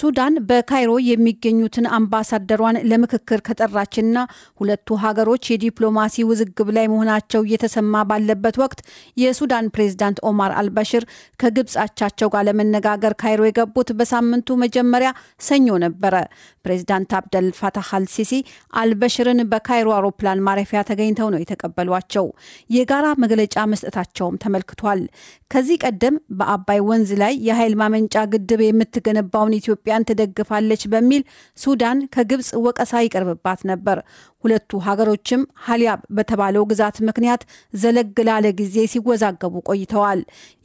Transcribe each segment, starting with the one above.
ሱዳን በካይሮ የሚገኙትን አምባሳደሯን ለምክክር ከጠራችና ሁለቱ ሀገሮች የዲፕሎማሲ ውዝግብ ላይ መሆናቸው እየተሰማ ባለበት ወቅት የሱዳን ፕሬዝዳንት ኦማር አልበሽር ከግብፅ አቻቸው ጋር ለመነጋገር ካይሮ የገቡት በሳምንቱ መጀመሪያ ሰኞ ነበረ። ፕሬዝዳንት አብደል ፋታህ አልሲሲ አልበሽርን በካይሮ አውሮፕላን ማረፊያ ተገኝተው ነው የተቀበሏቸው። የጋራ መግለጫ መስጠታቸውም ተመልክቷል። ከዚህ ቀደም በአባይ ወንዝ ላይ የኃይል ማመንጫ ግድብ የምትገነባውን ኢትዮ ኢትዮጵያን ትደግፋለች በሚል ሱዳን ከግብፅ ወቀሳ ይቀርብባት ነበር። ሁለቱ ሀገሮችም ሀሊያብ በተባለው ግዛት ምክንያት ዘለግ ላለ ጊዜ ሲወዛገቡ ቆይተዋል።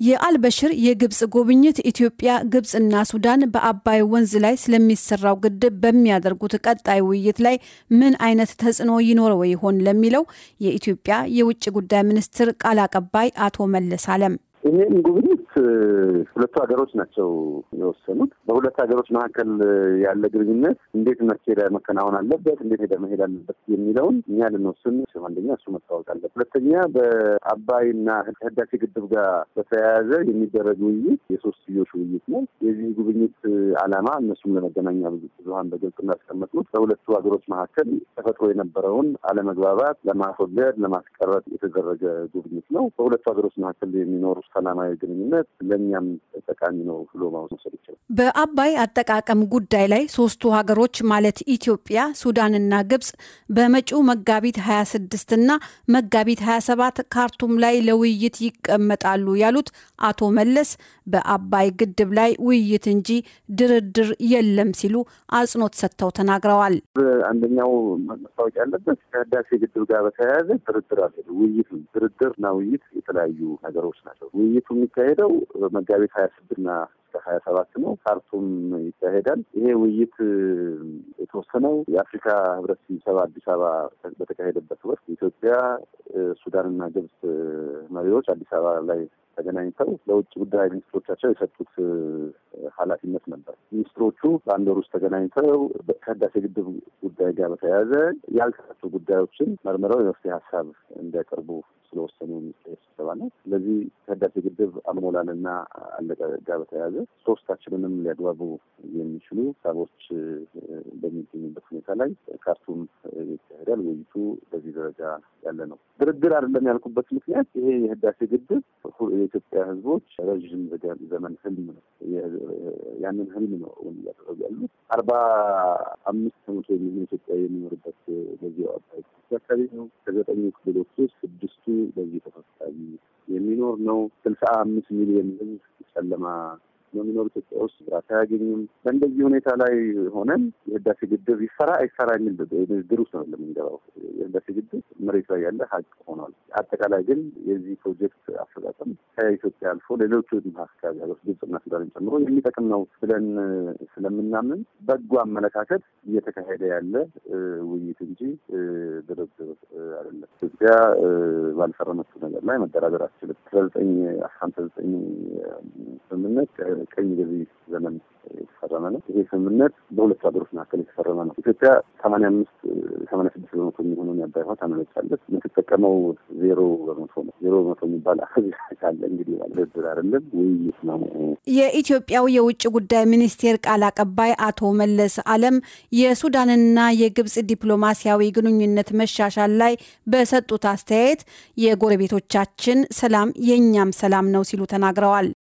የአልበሽር የግብፅ ጉብኝት ኢትዮጵያ፣ ግብፅና ሱዳን በአባይ ወንዝ ላይ ስለሚሰራው ግድብ በሚያደርጉት ቀጣይ ውይይት ላይ ምን አይነት ተጽዕኖ ይኖረው ይሆን ለሚለው የኢትዮጵያ የውጭ ጉዳይ ሚኒስትር ቃል አቀባይ አቶ መለስ አለም ይህም ጉብኝት ሁለቱ ሀገሮች ናቸው የወሰኑት። በሁለት ሀገሮች መካከል ያለ ግንኙነት እንዴት መሄዳ መከናወን አለበት፣ እንዴት ሄደ መሄድ አለበት የሚለውን እኛ ልንወስን አንደኛ እሱ መታወቅ አለ። ሁለተኛ በአባይና ህዳሴ ግድብ ጋር በተያያዘ የሚደረግ ውይይት የሶስትዮሽ ውይይት ነው። የዚህ ጉብኝት ዓላማ እነሱም ለመገናኛ ብዙሀን በግልጽ እንዳስቀመጡት በሁለቱ ሀገሮች መካከል ተፈጥሮ የነበረውን አለመግባባት ለማስወገድ ለማስቀረት የተደረገ ጉብኝት ነው። በሁለቱ ሀገሮች መካከል የሚኖሩ ሰላማዊ ግንኙነት ለእኛም ጠቃሚ ነው ብሎ መውሰድ በአባይ አጠቃቀም ጉዳይ ላይ ሶስቱ ሀገሮች ማለት ኢትዮጵያ፣ ሱዳንና ግብጽ በመጪው መጋቢት 26 እና መጋቢት 27 ካርቱም ላይ ለውይይት ይቀመጣሉ ያሉት አቶ መለስ በአባይ ግድብ ላይ ውይይት እንጂ ድርድር የለም ሲሉ አጽንኦት ሰጥተው ተናግረዋል። አንደኛው መታወቅ ያለበት ከህዳሴ ግድብ ጋር በተያያዘ ድርድር አለ። ውይይት እና ውይይት የተለያዩ ነገሮች ናቸው። ውይይቱ የሚካሄደው መጋቢት 26ና እስከ ሀያ ሰባት ነው። ካርቱም ይካሄዳል። ይሄ ውይይት የተወሰነው የአፍሪካ ህብረት ስብሰባ አዲስ አበባ በተካሄደበት ወቅት ኢትዮጵያ፣ ሱዳንና ግብጽ መሪዎች አዲስ አበባ ላይ ተገናኝተው ለውጭ ጉዳይ ሚኒስትሮቻቸው የሰጡት ኃላፊነት ነበር። ሚኒስትሮቹ በአንድ ወር ውስጥ ተገናኝተው ከህዳሴ ግድብ ጉዳይ ጋር በተያያዘ ያልተፈቱ ጉዳዮችን መርምረው የመፍትሄ ሀሳብ እንዲያቀርቡ ስለወሰኑ ሚኒስቴር ስብሰባ ነው። ስለዚህ ከህዳሴ ግድብ አሞላልና አለቀ ጋር በተያያዘ ሶስታችንንም ሊያግባቡ የሚችሉ ሀሳቦች በሚገኙበት ሁኔታ ላይ ካርቱም ይካሄዳል። ውይይቱ በዚህ ደረጃ ያለ ነው። ድርድር አይደለም ያልኩበት ምክንያት ይሄ የህዳሴ ግድብ የኢትዮጵያ ህዝቦች ረዥም ዘመን ህልም ነው። ያንን ህልም ነው እውን እያደረጉ ያሉት። አርባ አምስት ከመቶ የሚሆን ኢትዮጵያ የሚኖርበት በዚህ አባይ አካባቢ ነው። ከዘጠኙ ክልሎች ውስጥ ስድስቱ በዚህ ተፈሳቢ የሚኖር ነው። ስልሳ አምስት ሚሊዮን ህዝብ ጨለማ በሚኖር ኢትዮጵያ ውስጥ ስራት አያገኙም። በእንደዚህ ሁኔታ ላይ ሆነን የህዳሴ ግድብ ይሰራ አይሰራ የሚል ንግግር ውስጥ ነው ለምንገባው። የህዳሴ ግድብ መሬት ላይ ያለ ሀቅ ሆኗል። አጠቃላይ ግን የዚህ ፕሮጀክት አፈጻጸም ከኢትዮጵያ አልፎ ሌሎቹ አካባቢ ሀገሮች ግብጽና ሱዳንን ጨምሮ የሚጠቅም ነው ብለን ስለምናምን በጎ አመለካከት እየተካሄደ ያለ ውይይት እንጂ ድርድር አይደለም። ኢትዮጵያ ባልፈረመችው ነገር ላይ መደራደር አስችልም። ስለዘጠኝ አስራ ዘጠኝ ዘጠኝ ስምምነት ቀኝ ገዢ ዘመን የተፈረመ ነው። ይሄ ስምምነት በሁለቱ ሀገሮች መካከል የተፈረመ ነው። ኢትዮጵያ ሰማንያ አምስት ሰማንያ ስድስት ባይሆን ተመለሳለት የምትጠቀመው ዜሮ በመቶ ነው። ዜሮ በመቶ የሚባል ካለ እንግዲህ ድርድር አይደለም ውይይት ነው። የኢትዮጵያው የውጭ ጉዳይ ሚኒስቴር ቃል አቀባይ አቶ መለስ አለም የሱዳንና የግብጽ ዲፕሎማሲያዊ ግንኙነት መሻሻል ላይ በሰጡት አስተያየት የጎረቤቶቻችን ሰላም የእኛም ሰላም ነው ሲሉ ተናግረዋል።